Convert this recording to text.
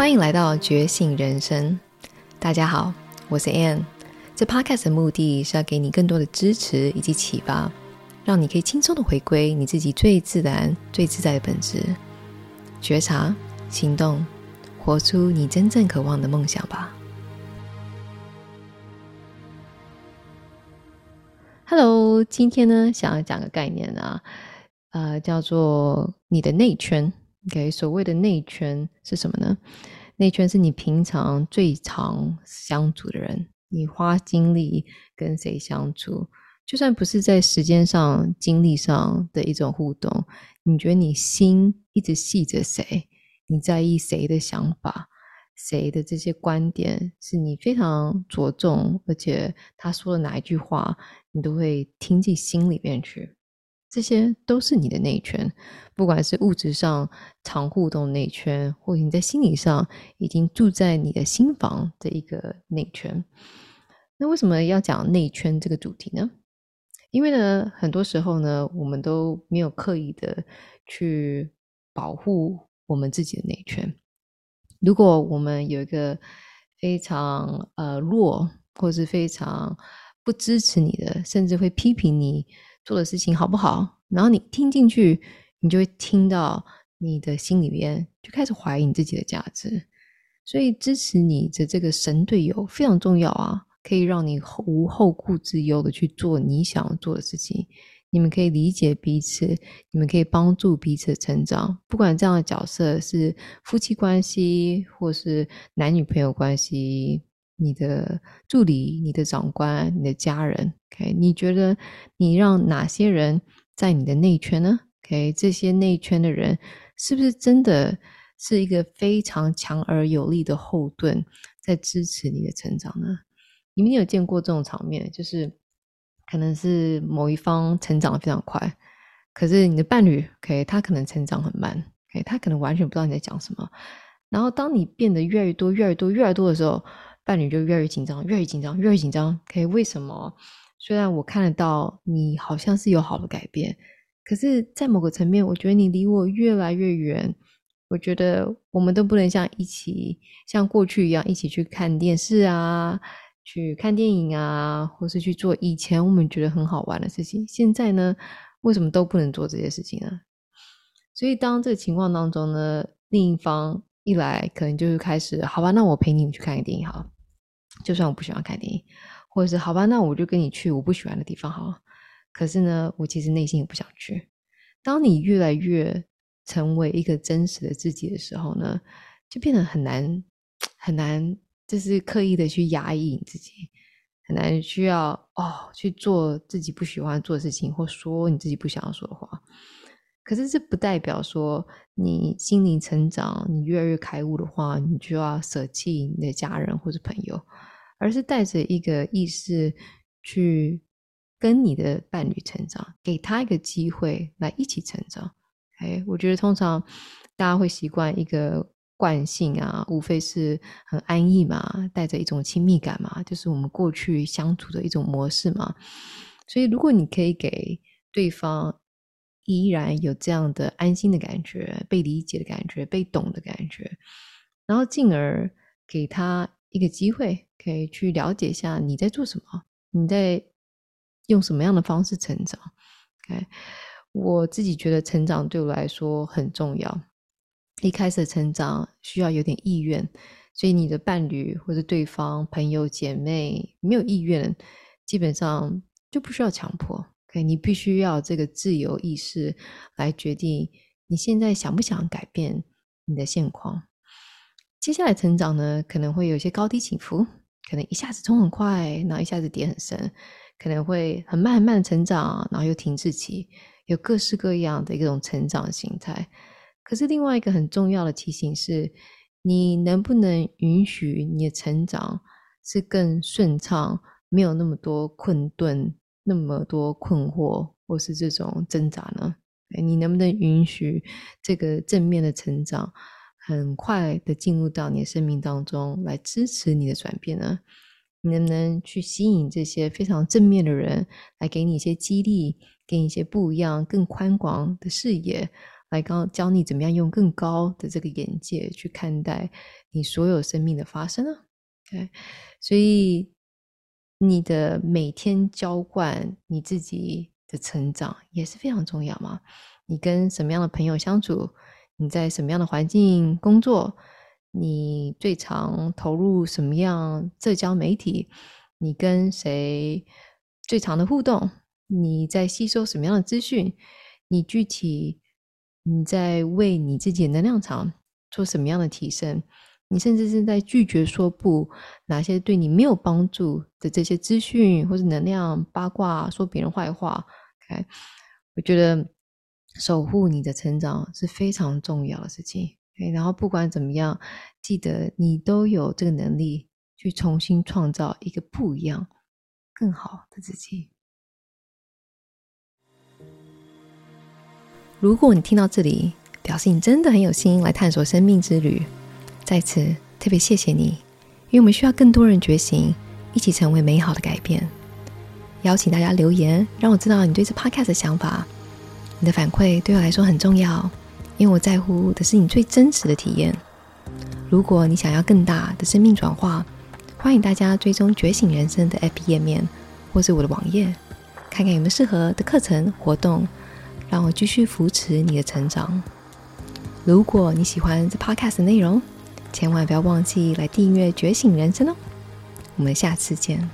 歡迎來到覺醒人生，大家好，我是 Ann。這 Podcast 的目的是要給你更多的支持以及啟發，讓你可以輕鬆的回歸你自己最自然、最自在的本質，覺察、行動，活出你真正渴望的夢想吧。Hello，今天呢，想要講個概念啊，呃，叫做你的內圈。給、OK，所謂的內圈是什麼呢？內圈是你平常最常相處的人，你花精力跟誰相處，就算不是在時間上、精力上的一種互動，你覺得你心一直繫着誰？你在意誰的想法？誰的這些觀點是你非常着重，而且他說的哪一句話，你都會聽進心裡面去。這些都是你的內圈，不管是物質上常互動的內圈，或者你在心理上已經住在你的心房的一個內圈。那為什麼要講內圈這個主題呢？因為呢，很多時候呢，我們都沒有刻意的去保護我們自己的內圈。如果我們有一個非常呃弱，或是非常不支持你的，甚至會批評你。做的事情好不好？然後你聽進去，你就會聽到你的心裡面就開始懷疑你自己的價值。所以支持你的這個神隊友非常重要啊，可以讓你無後顧之憂的去做你想要做的事情。你們可以理解彼此，你們可以幫助彼此成長。不管這樣的角色是夫妻關係，或是男女朋友關係。你的助理、你的長官、你的家人，OK？你覺得你讓哪些人在你的內圈呢？OK？這些內圈的人是不是真的是一個非常強而有力的後盾，在支持你的成長呢？你們有見過這種場面？就是可能是某一方成長的非常快，可是你的伴侶，OK？他可能成長很慢，OK？他可能完全不知道你在講什麼。然後當你變得越來越多、越來越多、越來越多的時候。伴侶就越來越緊張，越來越緊張，越來越緊張。可以，為什麼？雖然我看得到你好像是有好的改變，可是，在某個層面，我覺得你離我越來越遠。我覺得我們都不能像一起像過去一樣一起去看電視啊，去看電影啊，或是去做以前我們覺得很好玩的事情。現在呢，為什麼都不能做這些事情呢？所以，當這個情況當中呢，另一方一來，可能就是開始。好吧，那我陪你去看一個電影好了。就算我不喜歡看電影，或者是好吧，那我就跟你去我不喜歡的地方好了。可是呢，我其實內心也不想去。當你越來越成為一個真實的自己的時候呢，就變得很難，很難，就是刻意的去壓抑你自己，很難需要哦去做自己不喜歡做的事情，或說你自己不想要說的話。可是這不代表說你心靈成長，你越來越開悟的話，你就要捨棄你的家人或者朋友，而是帶着一個意識去跟你的伴侶成長，給他一個機會來一起成長。哎，okay? 我覺得通常大家會習慣一個慣性啊，無非是很安逸嘛，帶着一種親密感嘛，就是我們過去相處的一種模式嘛。所以，如果你可以給對方，依然有這樣的安心的感覺，被理解的感覺，被懂的感覺，然後進而給他一個機會，可以去了解一下你在做什麼，你在用什麼樣的方式成長。OK，我自己覺得成長對我來說很重要。一開始的成長需要有點意願，所以你的伴侶或者對方、朋友、姐妹沒有意願，基本上就不需要強迫。Okay, 你必須要這個自由意識來決定你現在想不想改變你的現況。接下來成長呢，可能會有一些高低起伏，可能一下子衝很快，然後一下子跌很深，可能會很慢很慢的成長，然後又停滯期，有各式各樣的一種成長形態。可是另外一個很重要的提醒是，你能不能允許你的成長是更順暢，沒有那麼多困頓？那麼多困惑，或是這種掙扎呢？你能不能允許這個正面的成長很快的進入到你的生命當中，來支持你的轉變呢？你能不能去吸引這些非常正面的人，來給你一些激勵，給你一些不一樣、更寬廣的視野，來剛教你怎麼樣用更高的這個眼界去看待你所有生命的發生呢？對，所以。你的每天澆灌，你自己的成長也是非常重要嘛？你跟什麼樣的朋友相處？你在什麼樣的環境工作？你最常投入什麼樣社交媒體？你跟誰最常的互動？你在吸收什麼樣的資訊？你具體你在為你自己的能量場做什麼樣的提升？你甚至是在拒絕說不，哪些對你沒有幫助的這些資訊或者能量八卦，說別人壞話。哎，okay？我覺得守護你的成長是非常重要的事情。Okay? 然後不管怎麼樣，記得你都有這個能力去重新創造一個不一樣、更好的自己。如果你聽到這裡，表示你真的很有心來探索生命之旅。在此特別謝謝你，因為我們需要更多人覺醒，一起成為美好的改變。邀請大家留言，讓我知道你對這 podcast 的想法。你的反饋對我來說很重要，因為我在乎的是你最真實的體驗。如果你想要更大的生命轉化，歡迎大家追蹤“覺醒人生”的 app 頁面，或是我的網頁，看看有沒有適合的課程活動，讓我繼續扶持你的成長。如果你喜歡這 podcast 的內容，千萬不要忘記來訂閱《覺醒人生》哦，我們下次見。